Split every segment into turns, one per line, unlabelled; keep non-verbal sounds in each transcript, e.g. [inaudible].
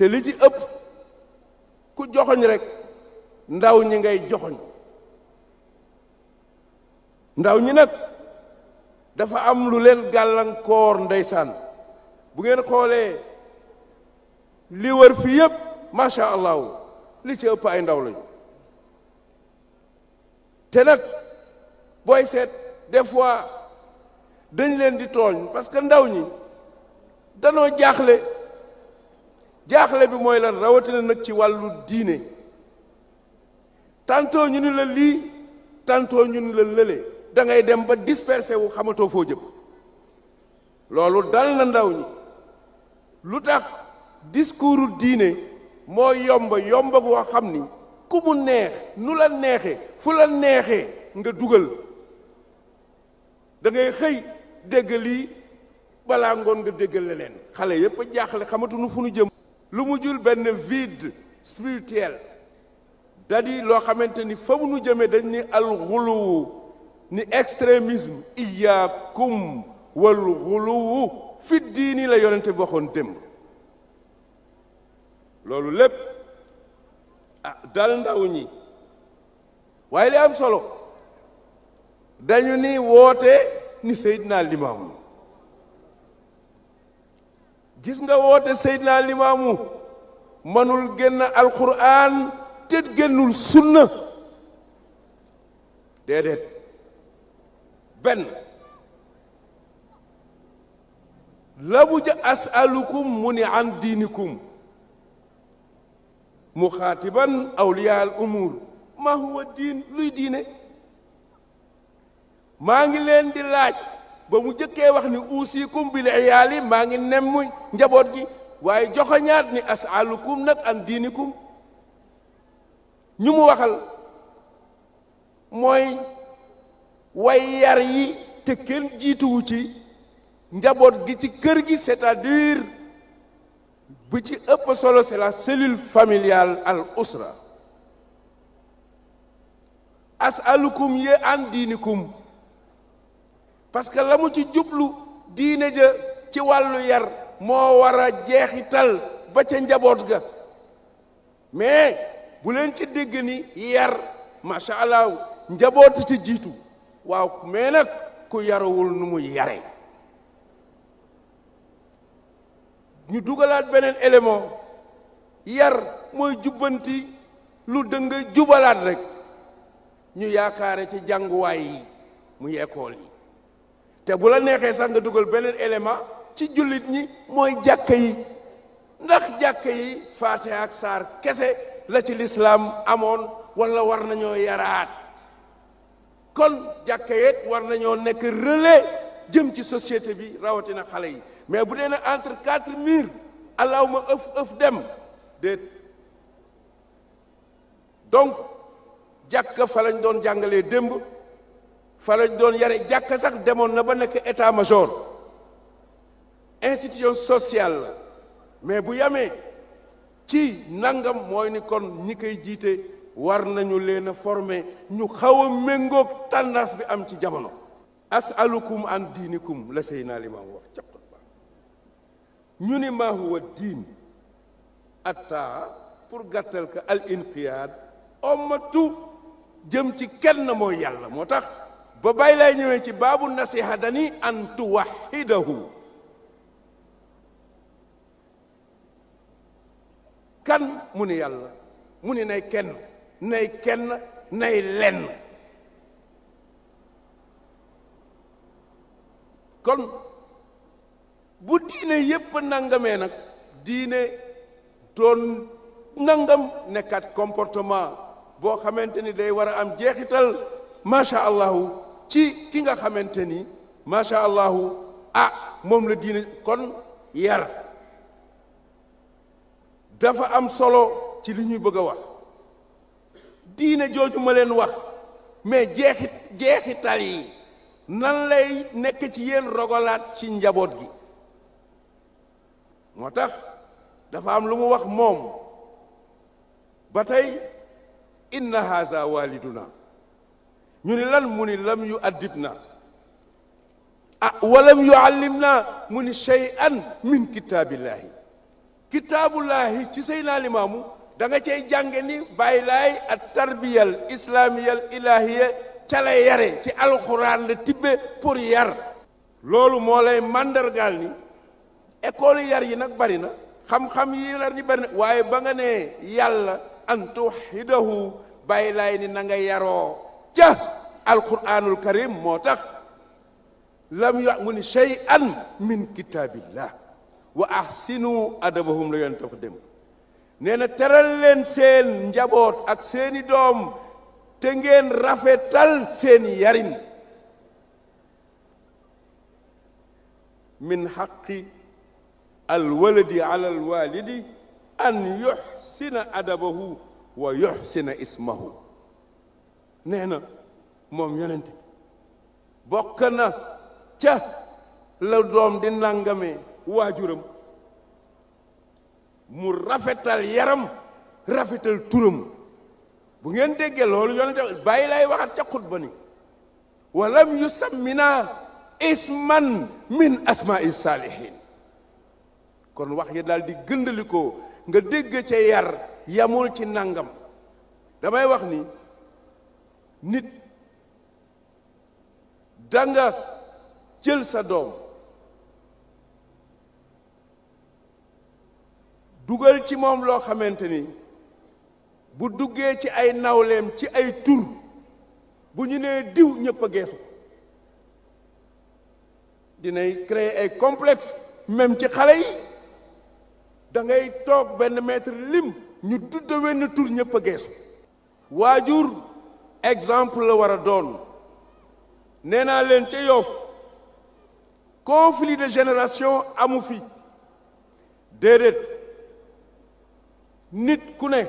te li ci ëpp ku joxoñ rek ndaw ñi ngay joxoñ ndaw ñi nag dafa am lu leen gàllankoor ndeysaan bu ngeen xoolee li wër fii yëpp macha allahu li ci ëpp ay ndaw lañu te nag booy seet des fois dañ leen di tooñ parce que ndaw ñi danoo jaaxle jaaxle bi mooy lan rawatina nag ci wàllu diine tantôt ñu ni la lii tantôt ñu ni la lële da ngay dem ba dispersé wu xamatoo foo jëm loolu dal na ndaw ñi lu tax discours diine moo yomb yomba goo xam ni ku mu neex nu la neexee fu la neexee nga dugal da ngay xëy dégg lii balaa ngoon nga dégg leneen xale yépp a jaaxle xamatuñu fu ñu jëm lu mu jul benn vide spirituel dadi loo xamante ni fa nu jëmee dañ ni alxuluwu ni extrémisme iyaakum wal xuluwu fi diini la yonente bi waxoon démb loolu lépp ah dal ndaw ñi waaye li am solo dañu ni woote ni Seydina Limaamu gis nga woote Seydina Limaamu mënul génn alquran te génnul sunna déedéet benn la bu ja asalukum mu ni an diinikum muxaatiban awliya al umuur ma huwa diin luy diine maa ngi leen di laaj ba mu jëkkee wax ni uusikum bil iyaali maa ngi nemm njaboot gi waaye joxoñaat ni asalukum nag an diinikum ñu mu waxal mooy way yar yi te kenn jiituwu ci njaboot gi ci kër gi cest à bu ci ëpp solo c'est la cellule familiale al usra asalukum ye an diinikum parce que la mu ci jublu diine ja ci wàllu yar moo war a jeexital ba ca njaboot ga mais bu leen ci dégg yar macha allah njaboot ci jiitu waaw mais nag ku yarawul nu mu yare ñu dugalaat beneen élément yar mooy jubbanti lu dëng jubalaat rek ñu yaakaare ci jànguwaay yi muy école te bu la neexee sax nga dugal beneen élément ci jullit ñi mooy jàkka yi ndax jàkka yi faate ak saar kese la ci lislaam amoon wala war nañoo yaraat kon jàkka yeet war nañoo nekk relais jëm ci société bi rawatina xale yi mais bu dee na entre quatre murs allahuma ëf ëf dem déet donc jàkka fa lañ doon jàngalee démb fa lañ doon yare jàkka sax demoon na ba nekk état major institution sociale la mais bu yamee ci nangam mooy ni kon ñi koy jiite war nañu leen a former ñu xaw a méngoog tendance bi am ci jamono asalukum an diinikum la Seydina Limaamu wax ca xutba ñu ni maa huwa diin atta pour gàttal ka al inqiyaad omatu jëm ci kenn mooy yàlla moo tax ba bay lay ñëwee ci babu nasiha an tuwahhidahu kan mu ni yàlla mu ni nay kenn nay kenn nay lenn kon bu diine yépp nangamee nag diine doon nangam nekkat comportement boo xamante ni day war am jeexital masha allahu ci ki nga xamante ni macha allahu ah moom la diine kon yar dafa am solo ci li ñuy bëgg a wax diine jooju ma leen wax mais jeexit jeexital yi nan lay nekk ci yéen rogalaat ci njaboot gi moo tax dafa am lu mu wax moom ba tey inna haza waliduna ñu ni lan mu ni lam yu addib na ah walam yu allim na mu ni shay'an min kitaabillahi kitaabullahi ci Seydina Limaamu danga nga cey jànge ni bàyyi laay ak tarbiyal islamiyal ilahiya ca la yare ci alxuraan la tibbe pour yar loolu moo lay màndargaal ni école yar yi nag bari na xam-xam yi yar ni bari na waaye ba nga ne yàlla an tuhidahu bàyyi ni na nga yaroo جه القرآن الكريم موتخ لم يأمن شيئا من كتاب الله وأحسنوا أدبهم لين تقدم نينا ترلين سين جابوت أك سيني دوم تنجين رفتال سين يارين من حق الولد على الوالد أن يحسن أدبه ويحسن اسمه nee na moom yonent bi bokk na ca la doom di nangamee waajuram mu rafetal yaram rafetal turam bu ngeen déggee loolu yonent bàyyi lay waxat ca xutba ni walam yusammina isman min asma'i saalihin kon wax yi daal di gëndalikoo nga dégg ca yar yamul ci nangam damay wax ni nit danga jël sa doom dugal ci moom loo xamante ni bu duggee ci ay nawleem ci ay tur bu ñu nee diw ñëpp a geesu dinay crée ay complexe même ci xale yi da toog benn mètre lim ñu tudde wenn tur ñëpp a geesu waajur exemple le wara a doon nena naa yof conflit de génération amu fi dedet nit ku ne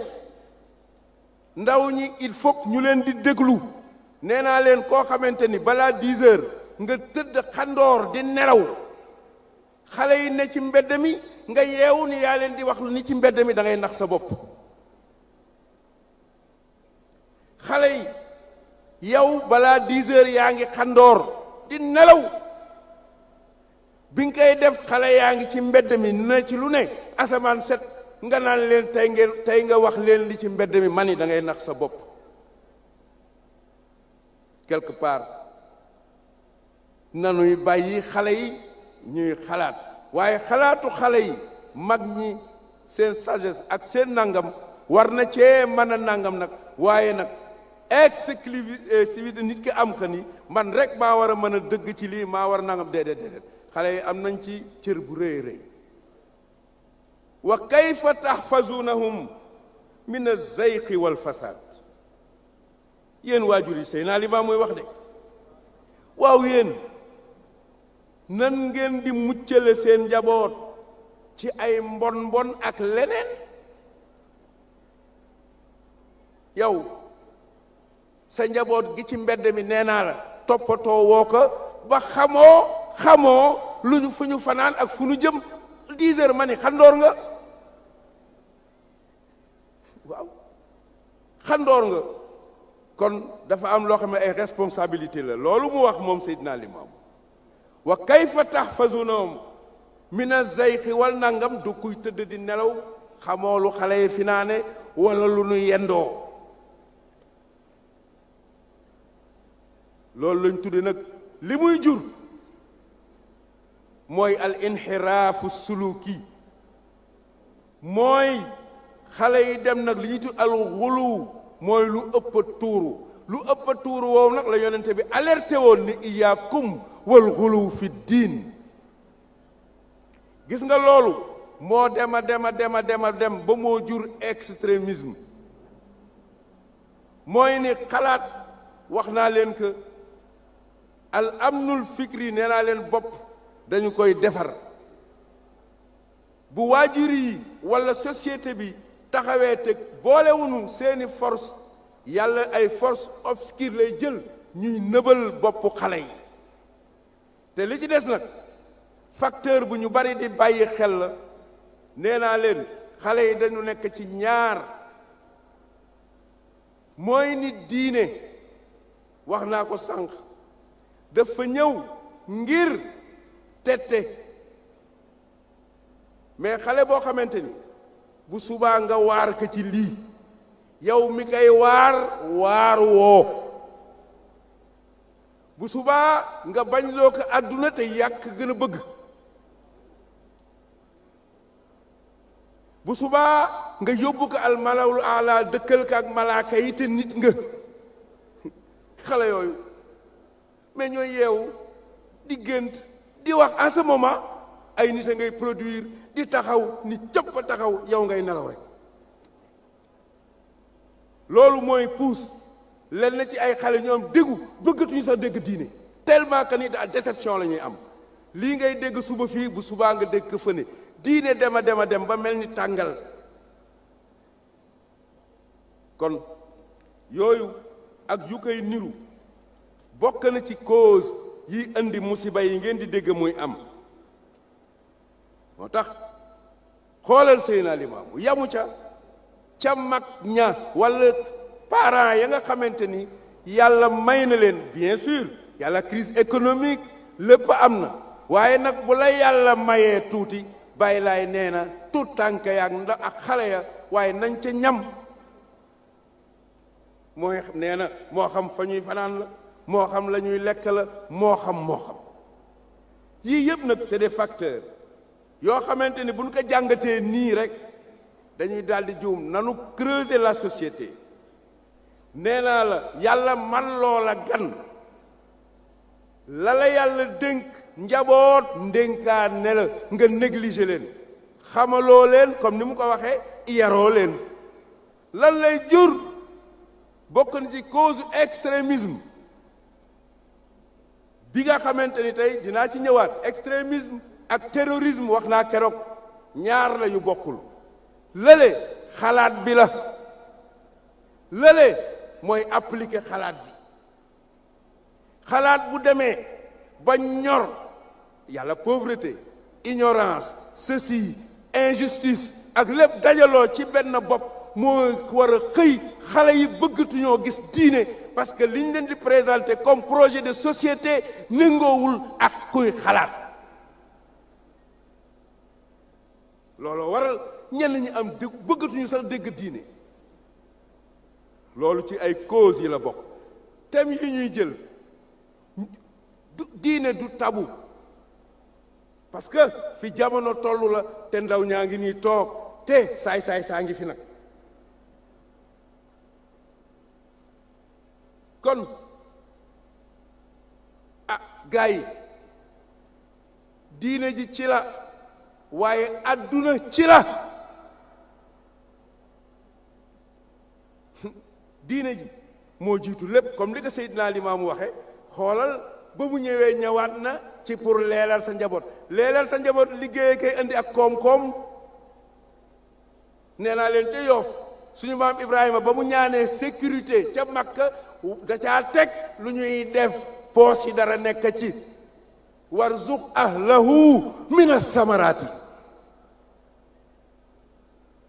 ndaw ñi il faut ñu len di déglu nee len ko xamanteni bala 10h nga teud xandor di neraw xalé yi ne ci nga yewu ni ya len di wax lu ni ci da ngay nax sa bop xalé yi yow balaa dix heures yaa ngi xandoor di nelaw bi nga koy def xale yaa ngi ci mbedd mi ne ci lu ne asamaan set nga naan leen tey nga wax leen li ci mbedd mi mani dangay nax sa bopp quelque part nanuy bàyyi xale yi ñuy xalaat waaye xalaatu xale yi mag ñi seen sagesse ak seen nangam war na cee mën a nangam nag waaye nag exclusivité nit ki am que ni man rek maa war a mën a dëgg ci lii maa war a nangam déedéet déedéet xale yi am nañ ci cër bu rëy rëy wa kayfa tahfazuunahum min azayqi wal fasaad yéen waajur yi naa li mooy wax de waaw yéen nan ngeen di muccale seen njaboot ci ay mbon mbon ak leneen yow sa njaboot gi ci mbedd mi nee naa la toppatoo woo ko ba xamoo xamoo lu fu ñu fanaan ak fu ñu jëm dix heures ma ni xandoor nga waaw xandoor nga kon dafa am loo xam ne ay responsabilité la loolu mu wax moom Seydina Limaamu wa kayfa tahfazunahum min az-zayqi wal nangam du kuy tëdd di nelaw xamoo lu xale yi fi naane wala lu nu yendoo loolu lañ tudde nag li muy jur mooy al inxiraafu suluki mooy xale yi dem nag li ñuy tudd al xulu mooy lu ëpp tuuru lu ëpp tuuru woowu nag la yonente bi alerté woon ni iyaakum wal xulu fi diin gis nga loolu moo dema dema dema dema dem ba moo jur extrémisme mooy ni xalaat wax naa leen que al amnul fikri nee naa leen bopp dañu koy defar bu waajur yi walla société bi taxawee te boolewuñu seeni force yàlla ay force obscure lay jël ñuy nëbal boppu xale yi te li ci des nag facteur bu ñu bari di bàyyi xel la nee naa leen xale yi dañu nekk ci ñaar mooy nit diine wax naa ko sànq dafa ñëw ngir tette mais xale boo xamante ni bu subaa nga waar ko ci lii yow mi koy waar waar woo bu suba nga bañ loo ko àdduna te yàq gën a bëgg bu suba nga yóbbu ko almalawul ala dëkkal ko ak malaaka yi te nit nga [laughs] xale yooyu mais ñooy yeewu di gént di wax en ce moment ay nit a ngay produir di taxaw ni cëpp a taxaw yow ngay nelaw rek loolu mooy pousse lenn na ci ay xale ñoom déggu bëggatuñu sax dégg diine tellement que ni daal déception la ñuy am lii ngay dégg suba fii bu subaa nga dégg fëne diine dem a dem a dem ba mel ni tàngal kon yooyu ak yu koy niru bokk na ci cause yi indi musiba yi ngeen di dégg muy am moo tax xoolal Seydina Limaamu yamu ca ca mag ña walla parents ya nga xamante ni yàlla may na leen bien sûr yàlla crise économique lépp am na waaye nag bu la yàlla mayee tuuti bàyyi lay nee na tuut tànk yaak ndax ak xale ya waaye nañ ca ñam moo xam fa ñuy fanaan la mo xam la ñuy lekk la mo xam mo xam yi yeb nak c'est des facteurs yo xamanteni ni ko jangate ni rek dañuy daldi di nanu creuser la société nee la yalla man loola gan la la yalla denk njabot ndenka ne la nga négliger len xamalo len comme nimu ko waxee yaro len lan lay jur bokk ci cause extrémisme Diga xamanteni tay dina ci ñëwaat extrémisme ak terrorisme wax naa keroog ñaar la yu bokkul lële xalaat bi la lële mooy appliquer xalaat bi xalaat bu demee ba ñor yàlla pauvreté ignorance ceci injustice ak lépp dajaloo ci benn bopp moo war a xëy xale yi bëggatuñoo gis diine parce que ce qui comme projet de société méngoowul ak kuy xalaat Lolo waral ñen ñi am bëggatuñu sax dégg diiné loolu ci ay cause yi la yi ñuy jël du tabou. parce que fi jamono tollu la té ndaw ni te say kon ah gars diine ji ci la waaye adduna ci la [laughs] diine ji moo jiitu lépp comme li ko Seydina Limaamu waxe xoolal ba mu ñëwee ñëwaat na ci pour leelal sa njaboot leelal sa njaboot liggéeye kay indi ak koom-koom nee naa leen ca yoof suñu maam Ibrahima ba mu ñaanee sécurité ca Makka da teg lu ñuy def poos yi dara nekk ci warzuq ahlahu min as-samaraati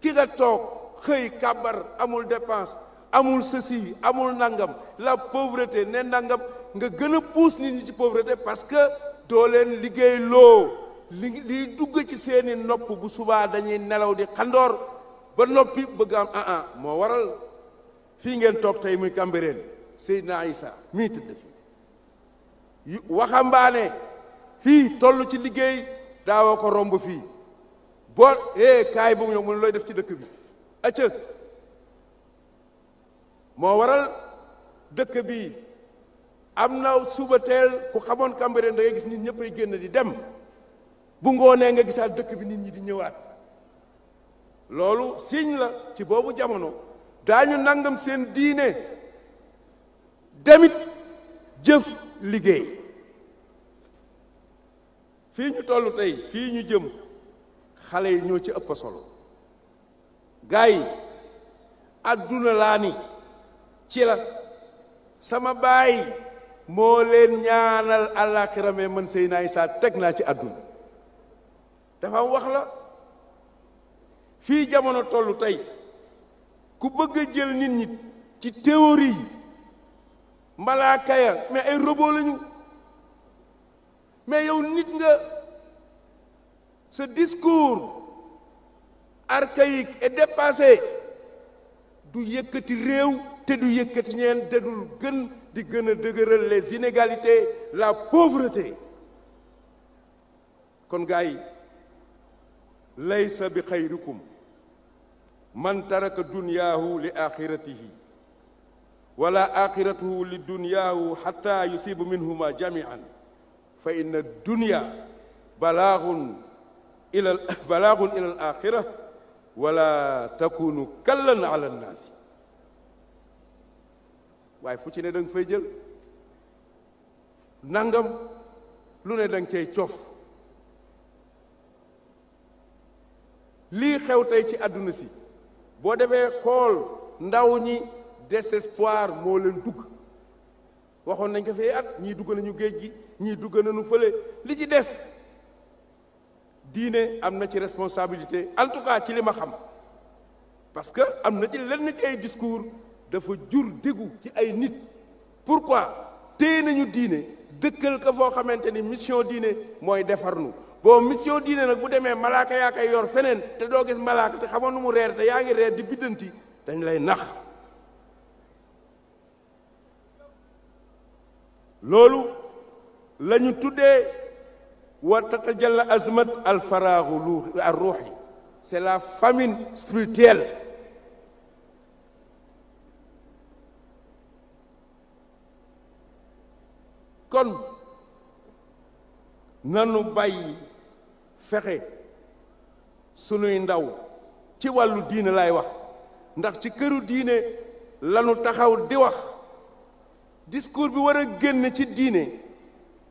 ki nga toog xëy kàbbar amul dépense amul ceci amul nangam la pauvreté ne nangam nga gën a pousse nit ñi ci pauvreté parce que doo leen liggéey loo li liy dugg ci seeni nopp bu subaa dañuy nelaw di xandoor ba noppi bëgg am ah ah moo waral fii ngeen toog tey muy Cambérène Seydina Isa mii tëdd fi waxambaane fii toll ci liggéey daawoo ko romb fii boo eh kaay bu mu ñëw mu ne looy def ci dëkk bi acca moo waral dëkk bi am na suba teel ku xamoon Cambérène da gis nit ñëpp ay génn di dem bu ngoonee nga gisaat dëkk bi nit ñi di ñëwaat loolu signe la ci boobu jamono daañu nangam seen diine damit jëf liggéey fii ñu tollu tey fii ñu jëm xale yi ñoo ci ëpp solo gars yi adduna laa ni ci la sama baay moo leen ñaanal àllaaxira mais man Seydina Issa teg naa ci adduna dafa wax la fii jamono tollu tey ku bëgg a jël nit ñi ci théorie malaaka ya mais ay robot lañu mais yow nit nga sa discours archaïque et dépassé du yëkkati réew te du yëkkati ñeen te dul gën di gën a dëgëral les inégalités la pauvreté kon gars yi laysa bi xayrikum man taraka dunyaahu li axiratihi ولا آخرته للدنيا حتى يصيب منهما جميعا فإن الدنيا بلاغ إلى [laughs] بلاغ إلى الآخرة ولا تكون كلا على الناس واي فوتي ني دنج فاي جيل نانغام لو ني دنج تشوف لي خيو تاي سي ادونا بو ديفه خول نداو ني désespoir moo leen dugg waxoon nañ ko fee at ñii dugg nañu géej gi ñii dugg nañu fële li ci des diine am na ci responsabilité en tout cas ci lima xam parce que am na ci lenn ci ay discours dafa jur déggu ci ay nit pour pourquoi téye nañu diine dëkkal ka foo xamante ni mission diine mooy defarnu boo mission diine nag bu demee malaaka yaa koy yor feneen te doo gis malaaka te xamoon nu mu reer te yaa ngi reer di biddanti dañ lay nax loolu lañu tuddee wa tatajalla azmat al faraagu lu al ruuxi c'est la famine spirituelle kon nanu bàyyi fexe sunuy ndaw ci wàllu diine lay wax ndax ci këru diine lanu taxaw di wax discours bi war a génn ci diine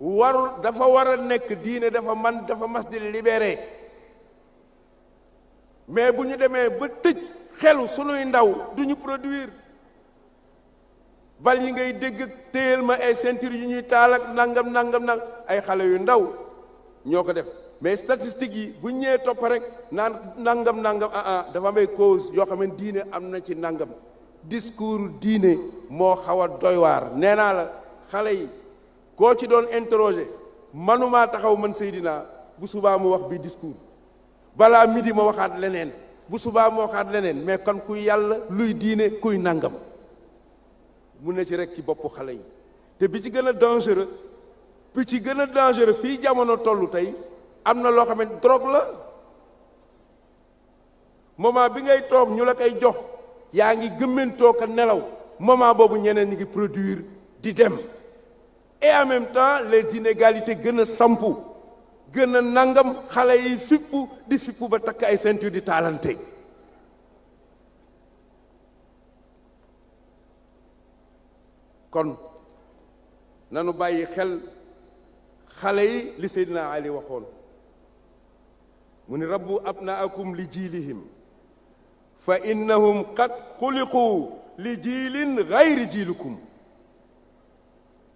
warul dafa war a nekk diine dafa man dafa mas di libere mais bu ñu demee ba tëj xelu sunuy ndaw du ñu produire bal yi ngay dégg téyel ma ay ceinture yu ñuy taal ak nangam nangam nag ay xale yu ndaw ñoo ko def mais statistiques yi bu ñëwee topp rek naan nangam nangam ah, ah dafa am ay yoo xam ne diine am na ci nangam. discours diine moo xaw a doy nee naa la xale yi koo ci doon interroger manumaa taxaw man Seydina bu subaa mu wax bi discours balaa midi ma waxaat leneen bu subaa ma waxaat leneen mais kon kuy yàlla luy diine kuy nangam mu ne ci rek ci boppu xale yi te bi ci gën a dangereux bi ci gën a dangereux fii jamono tollu tey am na loo xam ne la moment bi ngay toog ñu la koy jox yaa ngi gëmmantoo ko nelaw moment boobu ñeneen ñi ngi produire di dem et en temps les inégalités gën a sampu gën a nangam xale yi fippu di fippu ba takk ay ceinture di taalante kon nanu bàyyi xel xale yi li Seydina Ali waxoon mu ni rabbu abnaakum li jiilihim fa innahum qad xuliqu li jiilin gayri jiilikum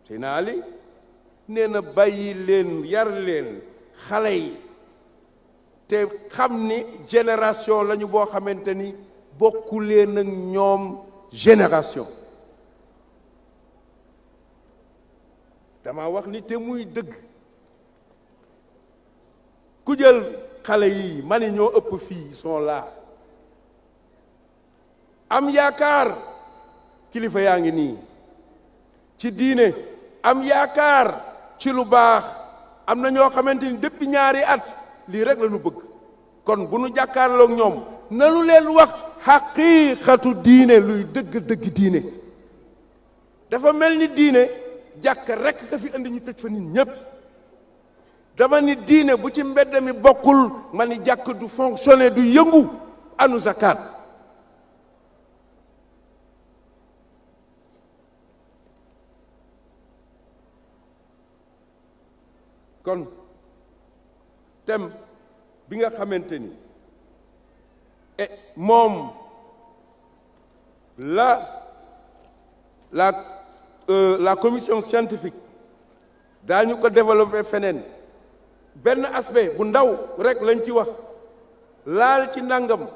Seydina nee na bàyyi leen yar leen xale yi te xam ni génération lañu boo xamante ni bokku leen ñoom génération dama wax ni te muy dëgg ku jël xale yi ma ni ëpp fii sont là am yaakaar kilifa yaa ngi nii ci diine am yaakaar ci lu baax am na ñoo xamante ni depuis ñaari at lii rek la ñu bëgg kon bu nu jàkkaarloog ñoom nanu leen lu wax xaqiiqatu diine luy dëgg dëgg diine dafa mel ni diine jàkk rekk ka fi andi ñu tëj fa nit ñépp dama ni diine bu ci mbedd mi bokkul ma ni jàkk du fonctionner du yëngu anu sakaat kon thème bi nga xamante ni et moom la la euh, la commission scientifique daañu ko développé feneen benn aspect bu ndaw rek lañ ci wax laal ci nangam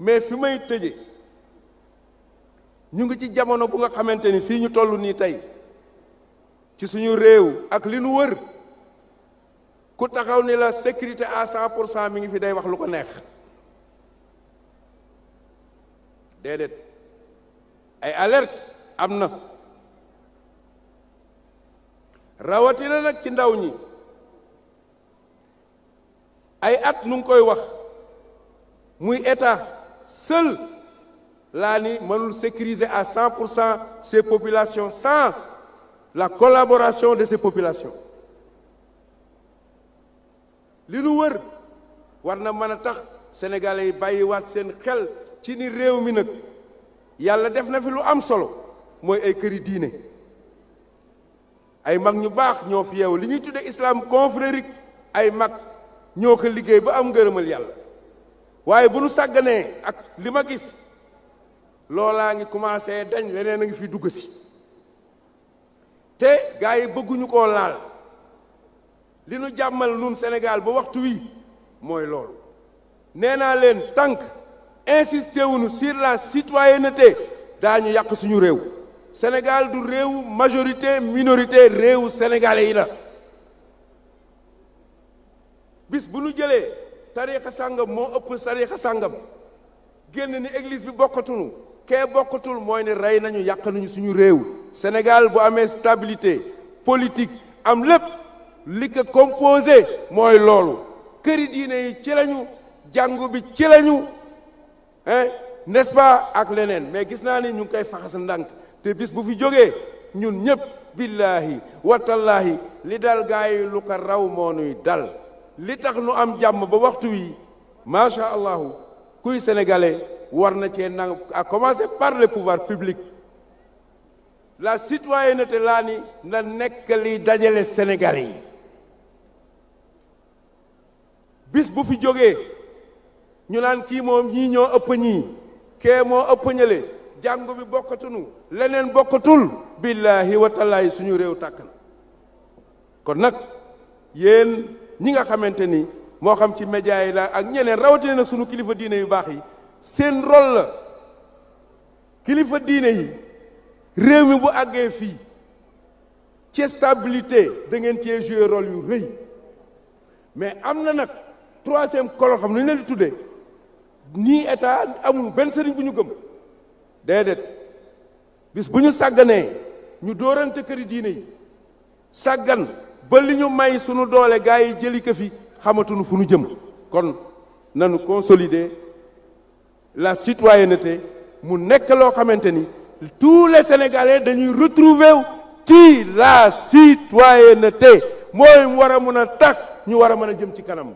mais fi may tëje ñu ngi ci jamono bu nga xamante ni fii ñu toll nii tey ci suñu réew ak li nu wër ku taxaw ni la sécurité à 100% pour cent mi ngi fi day wax lu ko neex déedéet ay alerte am na rawatina nag ci ndaw ñi ay at nu ngi koy wax muy état seul laa ni mënul sécuriser à 100% ces populations sans la collaboration de ces populations li nu wër war na mën a tax sénégalais yi bàyyiwaat seen xel ci ni réew mi nag yàlla def na fi lu am solo mooy ay këri diine ay mag ñu baax ñoo fi yeewu li ñuy tudde islam confrérique ay mag ñoo ko liggéey ba am ngërëmal yàlla waaye bu nu sàgganee ak li ma gis loolaa ngi commencé dañ leneen a ngi fi dugg si te gars yi bëgguñu ko laal li nu jàmmal nun Sénégal bu waxtu wi moy lool nee naa leen insister insisté wuñu sur la citoyenneté dañu yak suñu rew Sénégal du rew majorité minorité rew sénégalais yi la bis bu nu jëlé tariixa sangam mo ëpp tariixa sangam genn ni église bi bokatuñu kee bokatul moy ni ray nañu yàq nañu suñu rew Sénégal bu amé stabilité politique am lepp li composé mooy loolu këri diine yi ci lañu jàngu bi ci lañu hein n'est-ce pas ak mais gis na ni ñu koy faxas ndank te bis bu fi jógee ñun ñëpp wa tallahi li dal gaay lu ko raw mo nuy dal li tax nu am jamm ba waxtu wi macha allah kuy sénégalais war na ci nang a commencer par le pouvoir public. la citoyenneté lani ni na nekk liy sénégalais bis bu fi jógee ñu naan kii moom ñii ñoo ëpp ñii kee moo ëpp ñële jàngu bi bokkatunu leneen bokkatul billaahi wa tallaahi suñu réew tàkk kon nag yéen ñi nga xamante ni moo xam ci média yi la ak ñeneen rawatina nag suñu kilifa diine yu baax yi seen rôle la kilifa diine yi réew mi bu àggee fii ci stabilité da ngeen cee joué yu rëy mais am na nag troisième colon xam nu ñu leen di tuddee nii état amul benn sëriñ bu ñu gëm déedéet bis bu ñu sagganee ñu dóorante këri diine yi saggan ba li ñu may sunu doole gaa yi jëli ko fi xamatuñu fu ñu jëm kon nanu consolider la citoyenneté mu nekk loo xamante ni tous les sénégalais dañuy retrouver wu ci la citoyenneté mooy mu war a mën a tax ñu war a mën a jëm ci kanam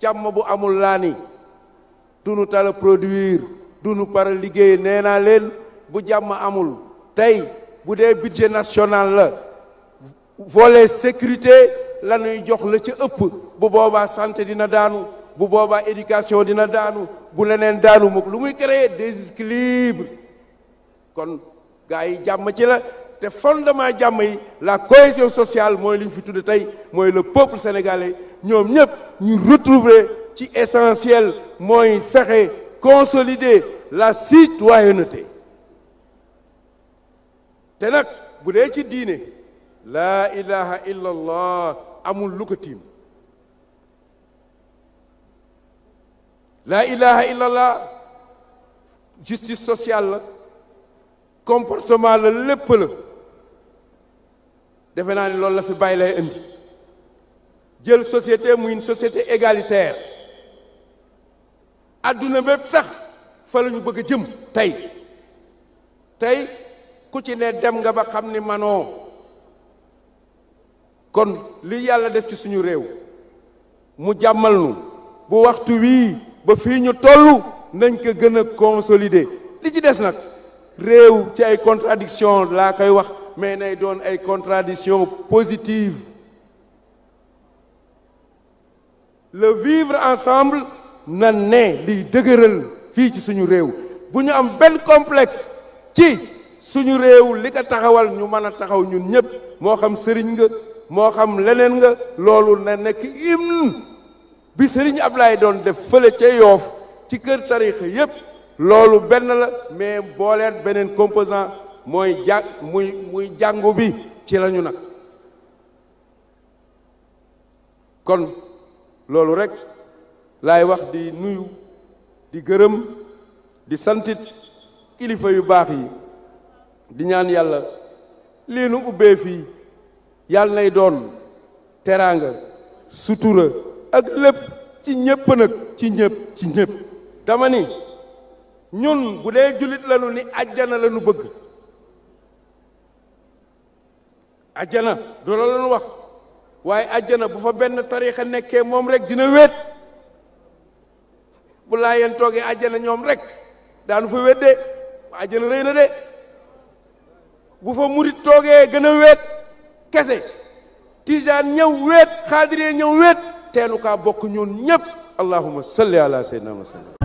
jàmm bu amul laani dunu tala produire dunu para liggéey nee naa leen bu jàmm amul tey bu dee budget national la vole sécurité lanuy jox la ci ëpp bu boobaa santé dina daanu bu boobaa éducation dina daanu bu leneen daanu mukk lu muy créer déséquilibre kon gaa yi jàmm ci la te fondement la cohésion sociale moy liñ fi le peuple sénégalais Nous, ñëpp ñu retrouver ci essentiel pour consolider la citoyenneté té là, ci la ilaha amul justice sociale comportement la lépp la defe naa ni loolu la fi bàyyi lay indi jël société muy une société égalitaire aduna bépp sax fa la ñu bëgg a jëm tey tey ku ci ne dem nga ba xam ni manoo kon li yàlla def ci suñu réew mu jàmmal nu bu waxtu wii ba fii ñu toll nañ ko gën a consolider li ci des nag réew ci ay contradiction la koy wax mais nay doon ay contradiction positive le vivre ensemble na ne di dëgëral fii ci suñu réew bu ñu am benn complexe ci suñu réew li ko taxawal ñu mën a taxaw ñun ñëpp moo xam sëriñ nga moo xam leneen nga loolu na nekk hymne bi sëriñ Ablaye doon def fële ca Yoof ci kër tarixa yëpp loolu benn la mais booleet beneen composant mooy jàng muy muy jàngu bi ci lañu nag kon loolu rekk lay wax di nuyu di gërëm di santit kilifa yu baax yi di ñaan yàlla lii nu ubbee fii yàlla nay doon teraanga sutura ak lépp ci ñépp nag ci ñépp ci ñépp dama ni ñun bu dee jullit lañu ni ajjana lañu bëgg ajjana dolo la wax waaye ajjana bu fa benn tariixa nekkee moom rek dina wéet bu laa yen toogee ajjana ñoom rek daanu fa wéet de ajjana rëy na de bu fa murit toogee gën a wéet kese tijaan ñëw wéet xaadiree ñëw wéet teenu kaa bokk ñun ñépp allahuma salli ala sayyidina muhammad